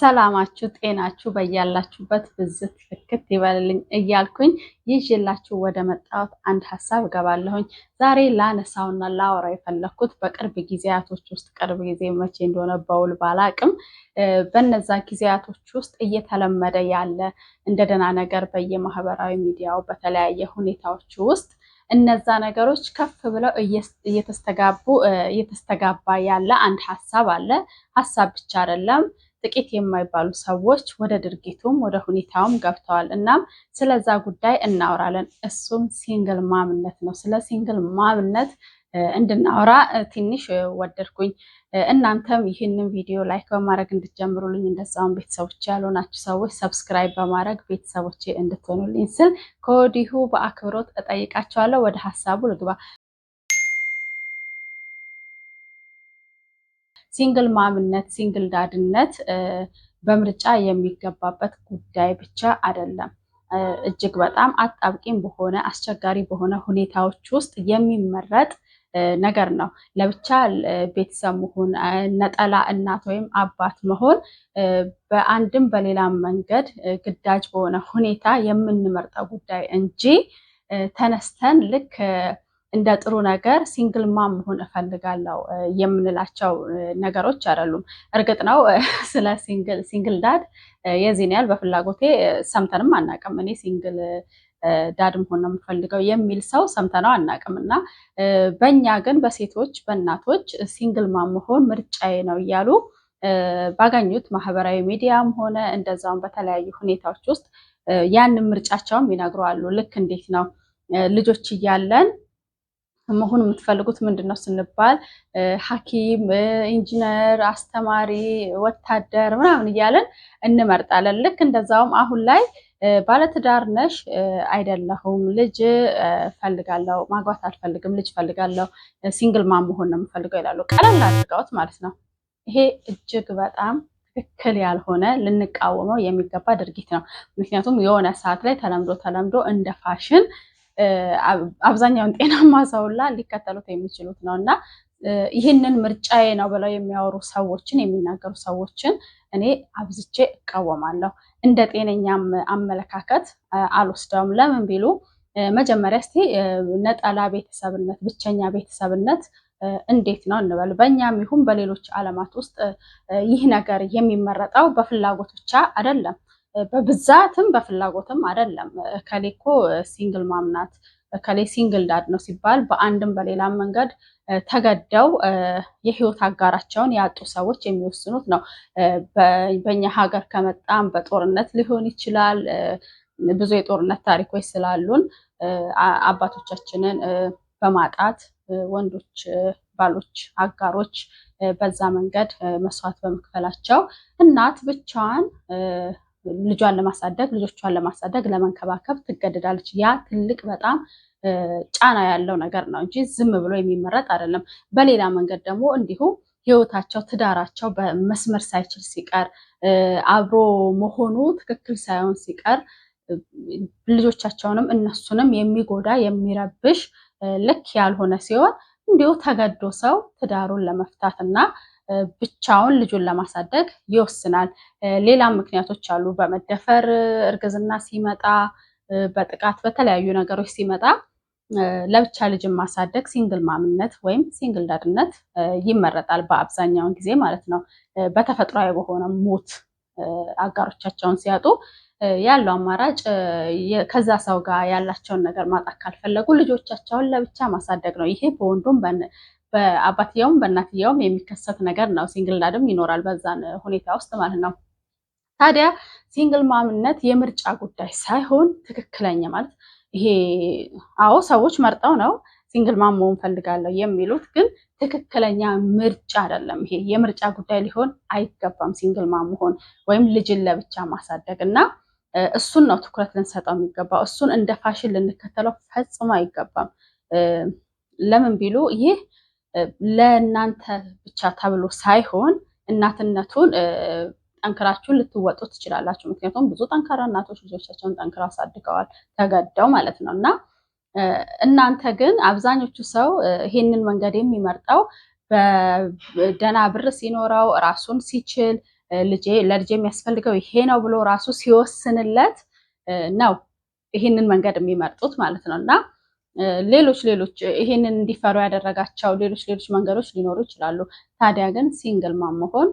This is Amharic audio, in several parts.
ሰላማችሁ ጤናችሁ በያላችሁበት ብዝት ልክት ይበልልኝ እያልኩኝ ይዤላችሁ ወደ መጣሁት አንድ ሀሳብ እገባለሁኝ። ዛሬ ላነሳውና ላወራ የፈለግኩት በቅርብ ጊዜያቶች ውስጥ ቅርብ ጊዜ መቼ እንደሆነ በውል ባላቅም፣ በነዛ ጊዜያቶች ውስጥ እየተለመደ ያለ እንደ ደህና ነገር በየማህበራዊ ሚዲያው በተለያየ ሁኔታዎች ውስጥ እነዛ ነገሮች ከፍ ብለው እየተስተጋቡ እየተስተጋባ ያለ አንድ ሀሳብ አለ። ሀሳብ ብቻ አይደለም። ጥቂት የማይባሉ ሰዎች ወደ ድርጊቱም ወደ ሁኔታውም ገብተዋል። እናም ስለዛ ጉዳይ እናወራለን። እሱም ሲንግል ማምነት ነው። ስለ ሲንግል ማምነት እንድናወራ ትንሽ ወደድኩኝ። እናንተም ይህንን ቪዲዮ ላይክ በማድረግ እንድትጀምሩልኝ እንደዛውን ቤተሰቦች ያልሆናችሁ ሰዎች ሰብስክራይብ በማድረግ ቤተሰቦች እንድትሆኑልኝ ስል ከወዲሁ በአክብሮት እጠይቃቸዋለሁ። ወደ ሀሳቡ ልግባ። ሲንግል ማምነት ሲንግል ዳድነት በምርጫ የሚገባበት ጉዳይ ብቻ አይደለም። እጅግ በጣም አጣብቂም በሆነ አስቸጋሪ በሆነ ሁኔታዎች ውስጥ የሚመረጥ ነገር ነው። ለብቻ ቤተሰብ መሆን፣ ነጠላ እናት ወይም አባት መሆን በአንድም በሌላም መንገድ ግዳጅ በሆነ ሁኔታ የምንመርጠው ጉዳይ እንጂ ተነስተን ልክ እንደ ጥሩ ነገር ሲንግል ማም መሆን እፈልጋለሁ የምንላቸው ነገሮች አይደሉም። እርግጥ ነው ስለ ሲንግል ዳድ የዚህን ያህል በፍላጎቴ ሰምተንም አናውቅም። እኔ ሲንግል ዳድ መሆን ነው የምፈልገው የሚል ሰው ሰምተነው አናውቅም። እና በእኛ ግን በሴቶች በእናቶች ሲንግል ማም መሆን ምርጫዬ ነው እያሉ ባገኙት ማህበራዊ ሚዲያም ሆነ እንደዛውም በተለያዩ ሁኔታዎች ውስጥ ያንን ምርጫቸውም ይነግረዋሉ። ልክ እንዴት ነው ልጆች እያለን መሆን የምትፈልጉት ምንድን ነው ስንባል ሐኪም፣ ኢንጂነር፣ አስተማሪ፣ ወታደር ምናምን እያለን እንመርጣለን። ልክ እንደዛውም አሁን ላይ ባለትዳር ነሽ አይደለሁም፣ ልጅ ፈልጋለሁ፣ ማግባት አልፈልግም፣ ልጅ ፈልጋለሁ፣ ሲንግል ማም መሆን ነው የምፈልገው ይላሉ። ቀለል አድርገውት ማለት ነው። ይሄ እጅግ በጣም ትክክል ያልሆነ ልንቃወመው የሚገባ ድርጊት ነው። ምክንያቱም የሆነ ሰዓት ላይ ተለምዶ ተለምዶ እንደ ፋሽን አብዛኛውን ጤናማ ሰውላ ሊከተሉት የሚችሉት ነው እና ይህንን ምርጫዬ ነው ብለው የሚያወሩ ሰዎችን የሚናገሩ ሰዎችን እኔ አብዝቼ እቃወማለሁ። እንደ ጤነኛም አመለካከት አልወስደውም። ለምን ቢሉ መጀመሪያ እስቲ ነጠላ ቤተሰብነት፣ ብቸኛ ቤተሰብነት እንዴት ነው እንበል። በእኛም ይሁን በሌሎች ዓለማት ውስጥ ይህ ነገር የሚመረጠው በፍላጎት ብቻ አይደለም፣ በብዛትም በፍላጎትም አይደለም። ከሌኮ ሲንግል ማምናት ከላይ ሲንግል ዳድ ነው ሲባል በአንድም በሌላም መንገድ ተገደው የህይወት አጋራቸውን ያጡ ሰዎች የሚወስኑት ነው። በኛ ሀገር ከመጣም በጦርነት ሊሆን ይችላል። ብዙ የጦርነት ታሪኮች ስላሉን አባቶቻችንን በማጣት ወንዶች ባሎች፣ አጋሮች በዛ መንገድ መስዋዕት በመክፈላቸው እናት ብቻዋን ልጇን ለማሳደግ ልጆቿን ለማሳደግ ለመንከባከብ ትገደዳለች። ያ ትልቅ በጣም ጫና ያለው ነገር ነው እንጂ ዝም ብሎ የሚመረጥ አይደለም። በሌላ መንገድ ደግሞ እንዲሁ ህይወታቸው ትዳራቸው በመስመር ሳይችል ሲቀር አብሮ መሆኑ ትክክል ሳይሆን ሲቀር ልጆቻቸውንም እነሱንም የሚጎዳ የሚረብሽ ልክ ያልሆነ ሲሆን እንዲሁ ተገዶ ሰው ትዳሩን ለመፍታት እና ብቻውን ልጁን ለማሳደግ ይወስናል። ሌላም ምክንያቶች አሉ። በመደፈር እርግዝና ሲመጣ፣ በጥቃት በተለያዩ ነገሮች ሲመጣ ለብቻ ልጅን ማሳደግ ሲንግል ማምነት ወይም ሲንግል ዳድነት ይመረጣል በአብዛኛውን ጊዜ ማለት ነው። በተፈጥሯዊ በሆነ ሞት አጋሮቻቸውን ሲያጡ ያለው አማራጭ ከዛ ሰው ጋር ያላቸውን ነገር ማጣት ካልፈለጉ ልጆቻቸውን ለብቻ ማሳደግ ነው። ይሄ በወንዱም በአባትየውም በእናትየውም የሚከሰት ነገር ነው። ሲንግል ዳድም ይኖራል በዛን ሁኔታ ውስጥ ማለት ነው። ታዲያ ሲንግል ማምነት የምርጫ ጉዳይ ሳይሆን ትክክለኛ ማለት ይሄ አዎ ሰዎች መርጠው ነው ሲንግል ማም መሆን ፈልጋለሁ የሚሉት ግን ትክክለኛ ምርጫ አይደለም። ይሄ የምርጫ ጉዳይ ሊሆን አይገባም። ሲንግል ማም መሆን ወይም ልጅን ለብቻ ማሳደግ እና እሱን ነው ትኩረት ልንሰጠው የሚገባው። እሱን እንደ ፋሽን ልንከተለው ፈጽሞ አይገባም። ለምን ቢሉ ይህ ለእናንተ ብቻ ተብሎ ሳይሆን እናትነቱን ጠንክራችሁን ልትወጡ ትችላላችሁ። ምክንያቱም ብዙ ጠንካራ እናቶች ልጆቻቸውን ጠንክራ አሳድገዋል ተገደው ማለት ነው። እና እናንተ ግን አብዛኞቹ ሰው ይሄንን መንገድ የሚመርጠው በደህና ብር ሲኖረው ራሱን ሲችል ልጄ ለልጄ የሚያስፈልገው ይሄ ነው ብሎ ራሱ ሲወስንለት ነው ይህንን መንገድ የሚመርጡት ማለት ነው እና ሌሎች ሌሎች ይሄንን እንዲፈሩ ያደረጋቸው ሌሎች ሌሎች መንገዶች ሊኖሩ ይችላሉ። ታዲያ ግን ሲንግል መሆን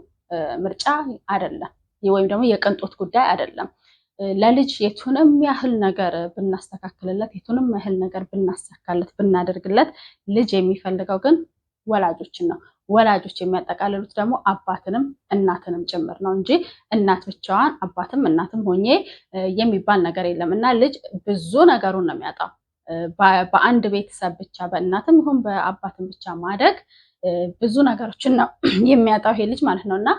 ምርጫ አይደለም፣ ወይም ደግሞ የቅንጦት ጉዳይ አይደለም። ለልጅ የቱንም ያህል ነገር ብናስተካክልለት፣ የቱንም ያህል ነገር ብናሳካለት፣ ብናደርግለት ልጅ የሚፈልገው ግን ወላጆችን ነው። ወላጆች የሚያጠቃልሉት ደግሞ አባትንም እናትንም ጭምር ነው እንጂ እናት ብቻዋን አባትም እናትም ሆኜ የሚባል ነገር የለም እና ልጅ ብዙ ነገሩን ነው የሚያጣው። በአንድ ቤተሰብ ብቻ በእናትም ይሁን በአባትም ብቻ ማደግ ብዙ ነገሮችን ነው የሚያጣው ይሄ ልጅ ማለት ነው እና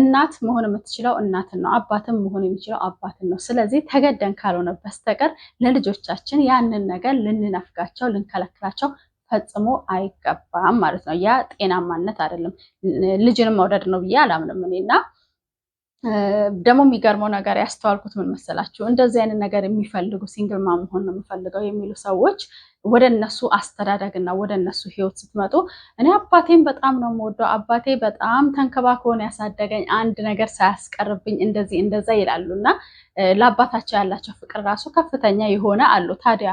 እናት መሆን የምትችለው እናትን ነው። አባትም መሆን የሚችለው አባትን ነው። ስለዚህ ተገደን ካልሆነ በስተቀር ለልጆቻችን ያንን ነገር ልንነፍጋቸው፣ ልንከለክላቸው ፈጽሞ አይገባም ማለት ነው። ያ ጤናማነት አይደለም። ልጅንም መውደድ ነው ብዬ አላምንም እኔ እና ደግሞ የሚገርመው ነገር ያስተዋልኩት ምን መሰላችሁ፣ እንደዚህ አይነት ነገር የሚፈልጉ ሲንግል ማም መሆን ነው የምፈልገው የሚሉ ሰዎች ወደ እነሱ አስተዳደግ ወደ እነሱ ህይወት ስትመጡ እኔ አባቴን በጣም ነው የምወደው፣ አባቴ በጣም ተንከባክቦን ያሳደገኝ፣ አንድ ነገር ሳያስቀርብኝ እንደዚህ እንደዛ ይላሉ እና ለአባታቸው ያላቸው ፍቅር ራሱ ከፍተኛ የሆነ አሉ። ታዲያ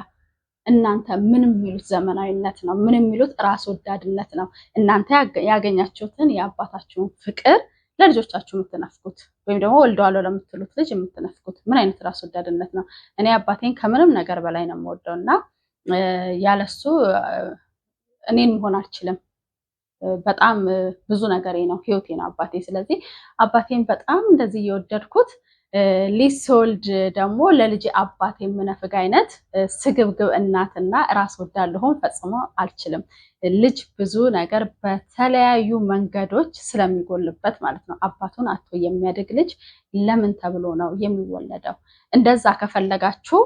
እናንተ ምን የሚሉት ዘመናዊነት ነው? ምን የሚሉት ራስ ወዳድነት ነው? እናንተ ያገኛችሁትን የአባታችሁን ፍቅር ለልጆቻችሁ የምትነፍኩት ወይም ደግሞ ወልደዋለሁ ለምትሉት ልጅ የምትነፍኩት ምን አይነት ራስ ወዳድነት ነው? እኔ አባቴን ከምንም ነገር በላይ ነው የምወደው እና ያለሱ እኔን መሆን አልችልም። በጣም ብዙ ነገሬ ነው፣ ህይወቴ ነው አባቴ። ስለዚህ አባቴን በጣም እንደዚህ እየወደድኩት ሊስወልድ ደግሞ ለልጅ አባት የምነፍግ አይነት ስግብግብ እናትና ራስ ወዳድ ልሆን ፈጽሞ አልችልም። ልጅ ብዙ ነገር በተለያዩ መንገዶች ስለሚጎልበት ማለት ነው። አባቱን አቶ የሚያድግ ልጅ ለምን ተብሎ ነው የሚወለደው? እንደዛ ከፈለጋችሁ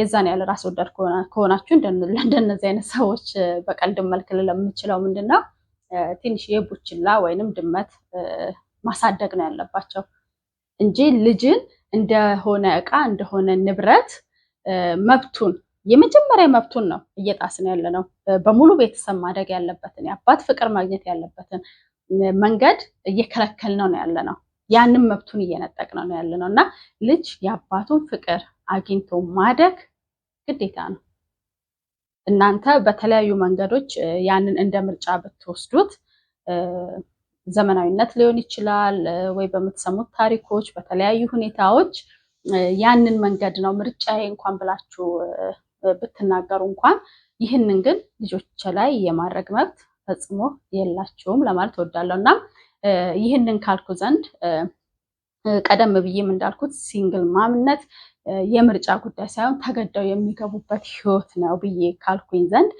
የዛን ያለ ራስ ወዳድ ከሆናችሁ እንደነዚህ አይነት ሰዎች በቀልድ መልክ ለምችለው ምንድን ነው ትንሽ የቡችላ ወይንም ድመት ማሳደግ ነው ያለባቸው። እንጂ ልጅን እንደሆነ እቃ እንደሆነ ንብረት መብቱን የመጀመሪያ መብቱን ነው እየጣስን ያለ ነው። በሙሉ ቤተሰብ ማደግ ያለበትን የአባት ፍቅር ማግኘት ያለበትን መንገድ እየከለከል ነው ያለ ነው። ያንም መብቱን እየነጠቅ ነው ያለ ነው እና ልጅ የአባቱን ፍቅር አግኝቶ ማደግ ግዴታ ነው። እናንተ በተለያዩ መንገዶች ያንን እንደ ምርጫ ብትወስዱት ዘመናዊነት ሊሆን ይችላል ወይ በምትሰሙት ታሪኮች፣ በተለያዩ ሁኔታዎች ያንን መንገድ ነው ምርጫዬ እንኳን ብላችሁ ብትናገሩ እንኳን ይህንን ግን ልጆች ላይ የማድረግ መብት ፈጽሞ የላችሁም ለማለት እወዳለሁ እና ይህንን ካልኩ ዘንድ ቀደም ብዬም እንዳልኩት ሲንግል ማምነት የምርጫ ጉዳይ ሳይሆን ተገደው የሚገቡበት ህይወት ነው ብዬ ካልኩኝ ዘንድ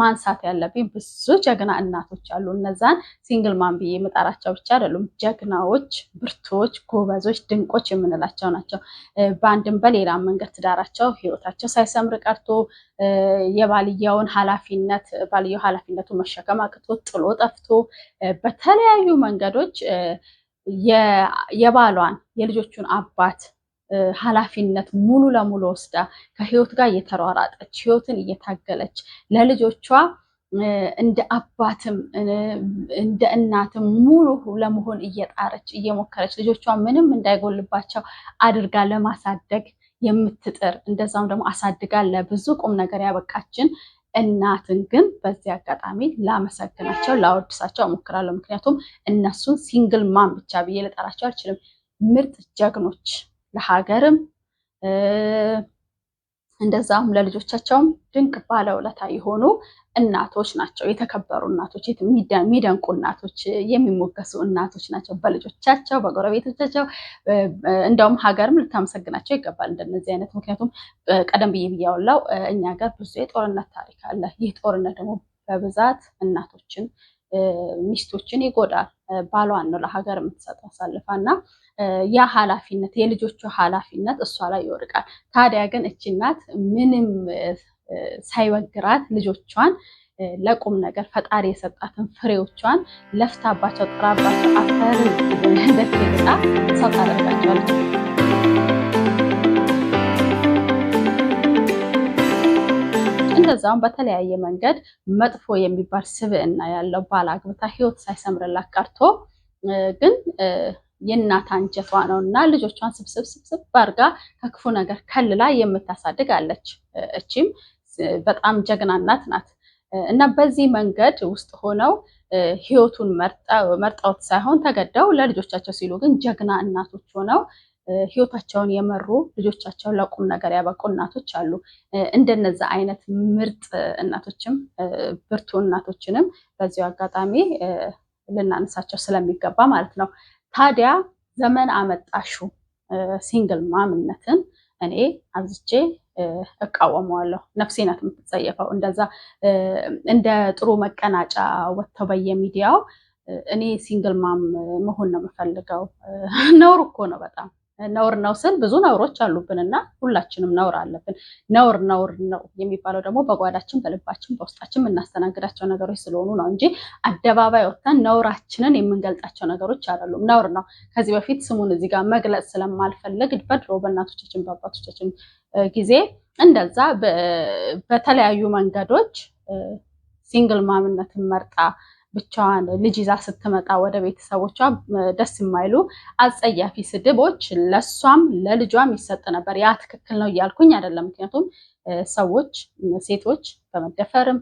ማንሳት ያለብኝ ብዙ ጀግና እናቶች አሉ። እነዛን ሲንግል ማም ብዬ መጣራቸው ብቻ አይደሉም። ጀግናዎች፣ ብርቶች፣ ጎበዞች፣ ድንቆች የምንላቸው ናቸው። በአንድም በሌላ መንገድ ትዳራቸው፣ ህይወታቸው ሳይሰምር ቀርቶ የባልየውን ኃላፊነት ባልየው ኃላፊነቱ መሸከም አቅቶ ጥሎ ጠፍቶ በተለያዩ መንገዶች የባሏን የልጆቹን አባት ኃላፊነት ሙሉ ለሙሉ ወስዳ ከህይወት ጋር እየተሯራጠች ህይወትን እየታገለች ለልጆቿ እንደ አባትም እንደ እናትም ሙሉ ለመሆን እየጣረች እየሞከረች ልጆቿ ምንም እንዳይጎልባቸው አድርጋ ለማሳደግ የምትጥር እንደዛም ደግሞ አሳድጋ ለብዙ ቁም ነገር ያበቃችን እናትን ግን በዚህ አጋጣሚ ላመሰግናቸው ላወድሳቸው እሞክራለሁ። ምክንያቱም እነሱን ሲንግል ማን ብቻ ብዬ ልጠራቸው አልችልም። ምርጥ ጀግኖች ለሀገርም እንደዛም ለልጆቻቸውም ድንቅ ባለውለታ የሆኑ እናቶች ናቸው። የተከበሩ እናቶች፣ የሚደንቁ እናቶች፣ የሚሞገሱ እናቶች ናቸው በልጆቻቸው በጎረቤቶቻቸው። እንደውም ሀገርም ልታመሰግናቸው ይገባል እንደነዚህ አይነት ምክንያቱም ቀደም ብዬ ብያውላው እኛ ጋር ብዙ የጦርነት ታሪክ አለ። ይህ ጦርነት ደግሞ በብዛት እናቶችን ሚስቶችን ይጎዳል። ባሏን ነው ለሀገር የምትሰጠው አሳልፋ እና ያ ኃላፊነት የልጆቹ ኃላፊነት እሷ ላይ ይወድቃል። ታዲያ ግን እቺ እናት ምንም ሳይወግራት ልጆቿን ለቁም ነገር ፈጣሪ የሰጣትን ፍሬዎቿን ለፍታባቸው ጥራባቸው አፈር እንደፌጣ ሰው ታረጋቸዋለች። እንደዛም በተለያየ መንገድ መጥፎ የሚባል ስብዕና ያለው ባል አግብታ ህይወት ሳይሰምርላት ቀርቶ ግን የእናት አንጀቷ ነው እና ልጆቿን ስብስብ ስብስብ አድርጋ ከክፉ ነገር ከልላ የምታሳድግ አለች። እቺም በጣም ጀግና እናት ናት። እና በዚህ መንገድ ውስጥ ሆነው ህይወቱን መርጠውት ሳይሆን ተገደው ለልጆቻቸው ሲሉ ግን ጀግና እናቶች ሆነው ህይወታቸውን የመሩ ልጆቻቸውን ለቁም ነገር ያበቁ እናቶች አሉ። እንደነዛ አይነት ምርጥ እናቶችም ብርቱ እናቶችንም በዚሁ አጋጣሚ ልናነሳቸው ስለሚገባ ማለት ነው። ታዲያ ዘመን አመጣሹ ሲንግል ማምነትን እኔ አብዝቼ እቃወመዋለሁ። ነፍሴ ናት የምትጸየፈው። እንደዛ እንደ ጥሩ መቀናጫ ወጥተው በየሚዲያው እኔ ሲንግል ማም መሆን ነው የምፈልገው። ነውር እኮ ነው በጣም ነውር ነው ስል ብዙ ነውሮች አሉብን እና ሁላችንም ነውር አለብን። ነውር ነውር ነው የሚባለው ደግሞ በጓዳችን በልባችን በውስጣችን የምናስተናግዳቸው ነገሮች ስለሆኑ ነው እንጂ አደባባይ ወጥተን ነውራችንን የምንገልጣቸው ነገሮች አይደሉም። ነውር ነው። ከዚህ በፊት ስሙን እዚህ ጋር መግለጽ ስለማልፈልግ በድሮ በእናቶቻችን በአባቶቻችን ጊዜ እንደዛ በተለያዩ መንገዶች ሲንግል ማምነትን መርጣ ብቻዋን ልጅ ይዛ ስትመጣ ወደ ቤተሰቦቿ ደስ የማይሉ አጸያፊ ስድቦች ለሷም ለልጇም ይሰጥ ነበር። ያ ትክክል ነው እያልኩኝ አይደለም። ምክንያቱም ሰዎች ሴቶች በመደፈርም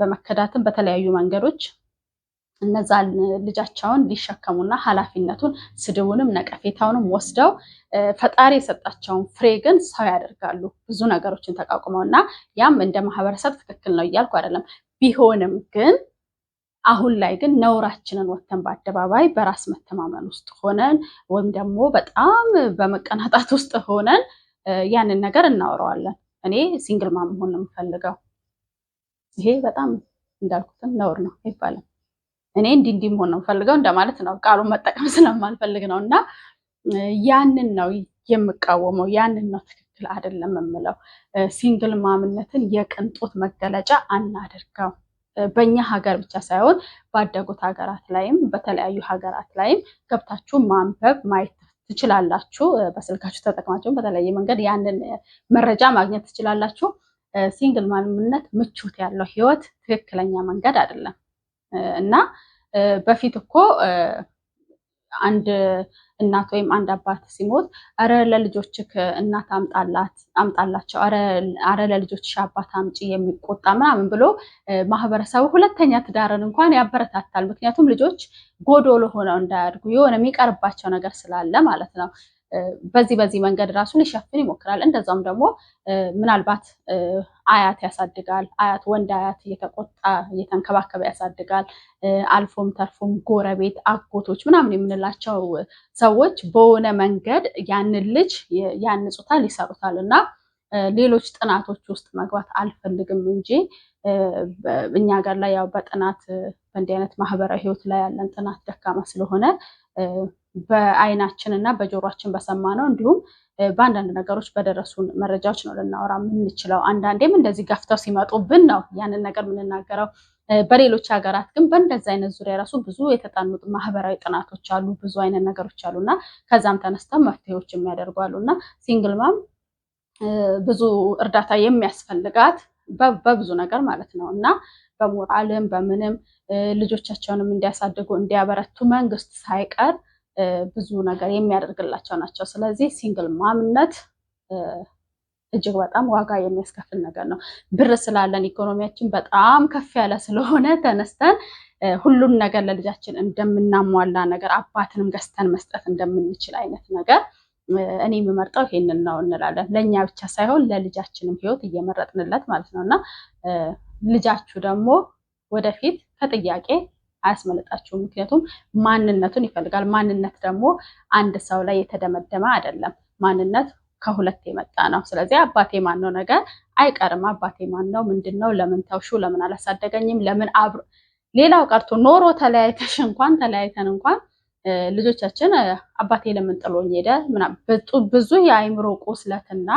በመከዳትም በተለያዩ መንገዶች እነዛ ልጃቸውን ሊሸከሙና ኃላፊነቱን ስድቡንም ነቀፌታውንም ወስደው ፈጣሪ የሰጣቸውን ፍሬ ግን ሰው ያደርጋሉ ብዙ ነገሮችን ተቋቁመው እና ያም እንደ ማህበረሰብ ትክክል ነው እያልኩ አይደለም። ቢሆንም ግን አሁን ላይ ግን ነውራችንን ወተን በአደባባይ በራስ መተማመን ውስጥ ሆነን ወይም ደግሞ በጣም በመቀናጣት ውስጥ ሆነን ያንን ነገር እናውረዋለን። እኔ ሲንግል ማም መሆን ነው የምፈልገው፣ ይሄ በጣም እንዳልኩትን ነውር ነው ይባላል። እኔ እንዲህ እንዲህ መሆን ነው የምፈልገው እንደማለት ነው። ቃሉን መጠቀም ስለማልፈልግ ነው እና ያንን ነው የምቃወመው። ያንን ነው ትክክል አይደለም የምለው። ሲንግል ማምነትን የቅንጦት መገለጫ አናደርገው። በእኛ ሀገር ብቻ ሳይሆን ባደጉት ሀገራት ላይም በተለያዩ ሀገራት ላይም ገብታችሁ ማንበብ ማየት ትችላላችሁ። በስልካችሁ ተጠቅማችሁ በተለያየ መንገድ ያንን መረጃ ማግኘት ትችላላችሁ። ሲንግል ማንነት ምቾት ያለው ህይወት ትክክለኛ መንገድ አይደለም እና በፊት እኮ አንድ እናት ወይም አንድ አባት ሲሞት አረ ለልጆችህ እናት አምጣላቸው፣ አረ ለልጆችሽ አባት አምጪ የሚቆጣ ምናምን ብሎ ማህበረሰቡ ሁለተኛ ትዳርን እንኳን ያበረታታል። ምክንያቱም ልጆች ጎዶሎ ሆነው እንዳያድጉ የሆነ የሚቀርባቸው ነገር ስላለ ማለት ነው። በዚህ በዚህ መንገድ ራሱን ሊሸፍን ይሞክራል። እንደዛም ደግሞ ምናልባት አያት ያሳድጋል። አያት ወንድ አያት እየተቆጣ እየተንከባከበ ያሳድጋል። አልፎም ተርፎም ጎረቤት፣ አጎቶች ምናምን የምንላቸው ሰዎች በሆነ መንገድ ያንን ልጅ ያንጹታል፣ ይሰሩታል እና ሌሎች ጥናቶች ውስጥ መግባት አልፈልግም እንጂ እኛ ሀገር ላይ ያው በጥናት በእንዲህ አይነት ማህበራዊ ህይወት ላይ ያለን ጥናት ደካማ ስለሆነ በአይናችን እና በጆሮችን በሰማ ነው እንዲሁም በአንዳንድ ነገሮች በደረሱን መረጃዎች ነው ልናወራ የምንችለው። አንዳንዴም እንደዚህ ገፍተው ሲመጡብን ነው ያንን ነገር የምንናገረው። በሌሎች ሀገራት ግን በእንደዚ አይነት ዙሪያ ራሱ ብዙ የተጣኑ ማህበራዊ ጥናቶች አሉ፣ ብዙ አይነት ነገሮች አሉ እና ከዛም ተነስተው መፍትሄዎች የሚያደርጉ አሉ እና ሲንግል ማም ብዙ እርዳታ የሚያስፈልጋት በብዙ ነገር ማለት ነው እና በሞራልም በምንም ልጆቻቸውንም እንዲያሳድጉ እንዲያበረቱ መንግስት ሳይቀር ብዙ ነገር የሚያደርግላቸው ናቸው። ስለዚህ ሲንግል ማምነት እጅግ በጣም ዋጋ የሚያስከፍል ነገር ነው። ብር ስላለን ኢኮኖሚያችን በጣም ከፍ ያለ ስለሆነ ተነስተን ሁሉም ነገር ለልጃችን እንደምናሟላ ነገር አባትንም ገዝተን መስጠት እንደምንችል አይነት ነገር እኔ የምመርጠው ይሄንን ነው እንላለን። ለእኛ ብቻ ሳይሆን ለልጃችንም ህይወት እየመረጥንለት ማለት ነው እና ልጃችሁ ደግሞ ወደፊት ከጥያቄ አያስመልጣችሁም። ምክንያቱም ማንነቱን ይፈልጋል። ማንነት ደግሞ አንድ ሰው ላይ የተደመደመ አይደለም። ማንነት ከሁለት የመጣ ነው። ስለዚህ አባቴ ማን ነው ነገር አይቀርም። አባቴ ማን ነው፣ ምንድን ነው፣ ለምን ተውሹ፣ ለምን አላሳደገኝም፣ ለምን አብሮ ሌላው ቀርቶ ኖሮ ተለያይተሽ እንኳን ተለያይተን እንኳን ልጆቻችን አባቴ ለምን ጥሎኝ ሄደ ምናምን ብዙ የአይምሮ ቁስለትና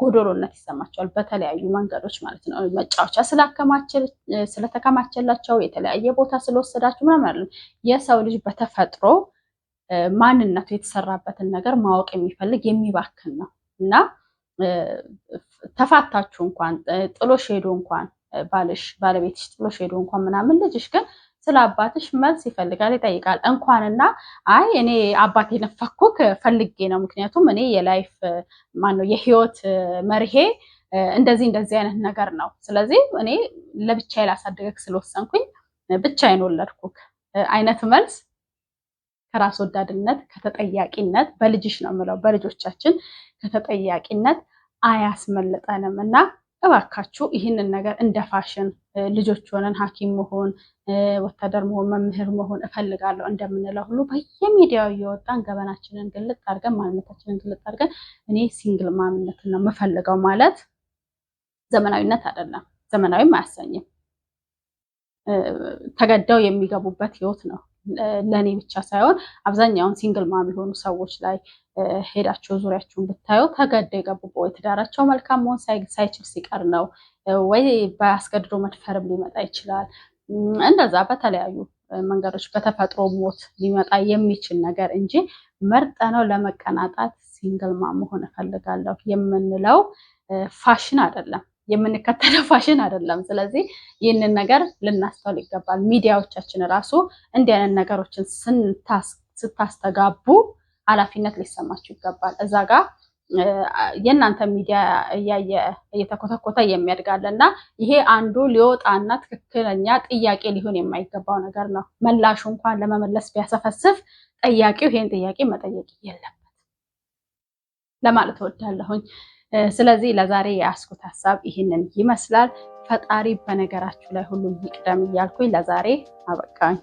ጎዶሎነት ይሰማቸዋል። በተለያዩ መንገዶች ማለት ነው። መጫወቻ ስለተከማቸላቸው የተለያየ ቦታ ስለወሰዳቸው ምናምን አለ። የሰው ልጅ በተፈጥሮ ማንነቱ የተሰራበትን ነገር ማወቅ የሚፈልግ የሚባክን ነው እና ተፋታችሁ እንኳን ጥሎሽ ሄዶ እንኳን ባልሽ ባለቤትሽ ጥሎሽ ሄዶ እንኳን ምናምን ልጅሽ ግን ስለ አባትሽ መልስ ይፈልጋል፣ ይጠይቃል። እንኳንና አይ እኔ አባት የነፈኩክ ፈልጌ ነው፣ ምክንያቱም እኔ የላይፍ ማነው የህይወት መርሄ እንደዚህ እንደዚህ አይነት ነገር ነው። ስለዚህ እኔ ለብቻ ላሳደገክ ስለወሰንኩኝ ብቻ ወለድኩክ አይነት መልስ ከራስ ወዳድነት ከተጠያቂነት፣ በልጅሽ ነው የምለው በልጆቻችን ከተጠያቂነት አያስመልጠንም እና እባካችሁ ይህንን ነገር እንደ ፋሽን ልጆች ሆነን ሐኪም መሆን ወታደር መሆን መምህር መሆን እፈልጋለሁ እንደምንለው ሁሉ በየሚዲያው እየወጣን ገበናችንን ግልጥ አድርገን ማንነታችንን ግልጥ አድርገን እኔ ሲንግል ማንነትን ነው የምፈልገው ማለት ዘመናዊነት አይደለም። ዘመናዊም አያሰኝም። ተገደው የሚገቡበት ህይወት ነው ለእኔ ብቻ ሳይሆን አብዛኛውን ሲንግል ማም የሆኑ ሰዎች ላይ ሄዳቸው ዙሪያቸውን ብታዩ ተገደው የገቡበት ወይ ትዳራቸው መልካም መሆን ሳይችል ሲቀር ነው፣ ወይ በአስገድዶ መድፈርም ሊመጣ ይችላል። እንደዛ በተለያዩ መንገዶች በተፈጥሮ ሞት ሊመጣ የሚችል ነገር እንጂ መርጠ ነው ለመቀናጣት ሲንግል ማም መሆን እፈልጋለሁ የምንለው ፋሽን አይደለም። የምንከተለው ፋሽን አይደለም። ስለዚህ ይህንን ነገር ልናስተውል ይገባል። ሚዲያዎቻችን ራሱ እንዲህ አይነት ነገሮችን ስታስተጋቡ ኃላፊነት ሊሰማችሁ ይገባል። እዛ ጋር የእናንተ ሚዲያ እያየ እየተኮተኮተ የሚያድጋለ እና ይሄ አንዱ ሊወጣና ትክክለኛ ጥያቄ ሊሆን የማይገባው ነገር ነው። መላሹ እንኳን ለመመለስ ቢያሰፈስፍ ጠያቂው ይሄን ጥያቄ መጠየቅ የለበት ለማለት እወዳለሁኝ። ስለዚህ ለዛሬ የያዝኩት ሀሳብ ይህንን ይመስላል። ፈጣሪ በነገራችሁ ላይ ሁሉ ይቅደም እያልኩኝ ለዛሬ አበቃኝ።